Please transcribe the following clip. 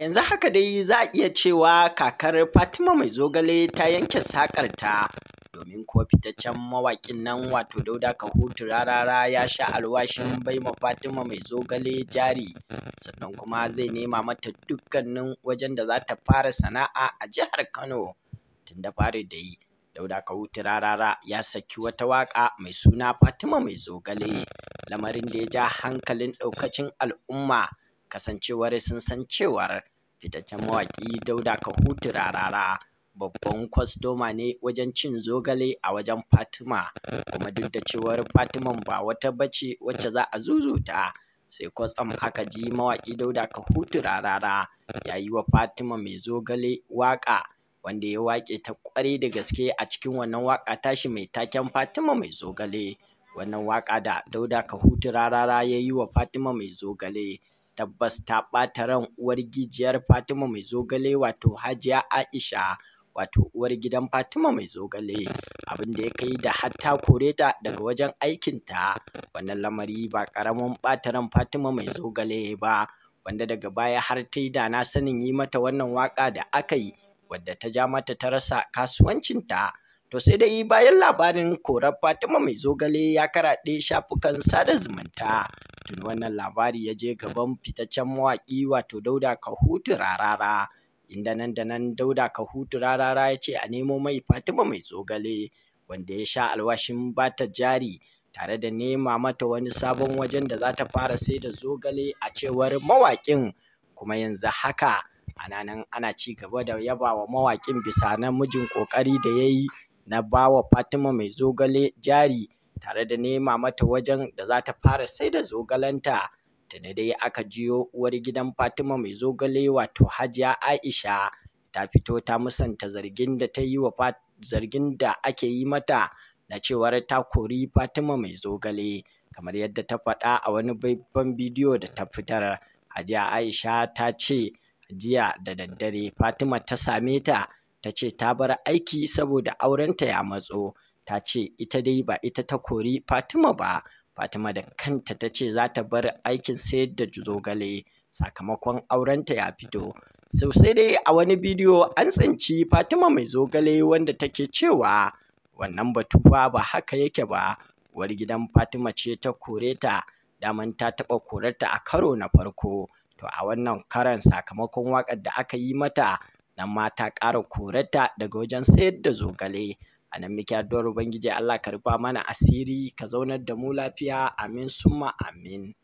yanzu haka dai za a iya cewa kakar Fatima mai zogale ta yanke sakarta domin kuwa fitaccen mawaƙin nan wato Dauda Kahutu rarara ya sha alwashin baima Fatima mai zogale jari sannan kuma zai nema mata dukkanin wajen da za ta fara sana'a a jihar Kano tun da fari da yi Dauda Kahutu rarara ya saki wata waƙa mai suna Fatima mai zogale lamarin da ya ja hankalin ɗaukacin al'umma kasancewar sun san cewar fitaccen mawaƙi dauda hutu rarara babban kwastoma ne wajen cin zogale a wajen fatima kuma duk da cewar fatiman ba wata bace wacce za a zuzuta sai kwatsam aka ji mawaƙi dauda kahutu rarara ya yi wa fatima mai zogale waƙa wanda ya waƙe ta ƙwarai da gaske a cikin wannan waƙa tashi mai taken fatima mai zogale wannan waƙa da dauda hutu rarara ya yi wa fatima mai zogale tabbas ta ɓata ran uwar gijiyar Fatima mai zogale wato Hajiya Aisha wato uwar gidan Fatima mai zogale abin da ya kai da har kore ta daga wajen aikinta wannan lamari ba ƙaramin ɓata ran Fatima mai zogale ba wanda daga baya har ta yi da na sanin yi mata wannan waƙa da aka yi wadda ta ja mata ta rasa kasuwancinta. To sai dai bayan labarin korar Fatima mai zogale ya karaɗe shafukan sada zumunta Tuni wannan labari ya je gaban fitaccen mawaƙi wato Dauda Kahutu Rarara. Inda nan da nan Dauda Kahutu Rarara ya ce a nemo mai Fatima mai zogale, wanda ya sha alwashin bata jari tare da nema mata wani sabon wajen da za ta fara sai da zogale a cewar mawaƙin kuma yanzu haka ana nan ana ci gaba da yaba wa mawaƙin bisa namijin ƙoƙari da ya yi na bawa Fatima mai zogale jari tare da nema mata wajen da za ta fara sai da zogalanta tuni dai aka jiyo uwar gidan fatima mai zogale wato hajiya aisha ta fito ta musanta zargin da ta yi wa zargin da ake yi mata na cewar ta kori fatima mai zogale kamar yadda ta faɗa a wani babban bidiyo da ta fitar hajiya aisha ta ce jiya da daddare fatima ta same ta ta ce ta bar aiki saboda aurenta ya matso ta ce ita dai ba ita ta kori Fatima ba Fatima da kanta ta ce za ta bar aikin sayar da zogale sakamakon aurenta ya fito sosai dai a wani bidiyo an tsinci Fatima mai zogale wanda take cewa wannan batu ba ba haka yake ba wani gidan Fatima ce ta kore ta daman ta taɓa korarta a karo na farko to a wannan karan sakamakon waƙar da aka yi mata nan ma ta ƙara korarta daga wajen sayar da zogale a nan muke addu'ar ubangiji Allah ka rufa mana asiri ka zaunar da mu lafiya amin summa amin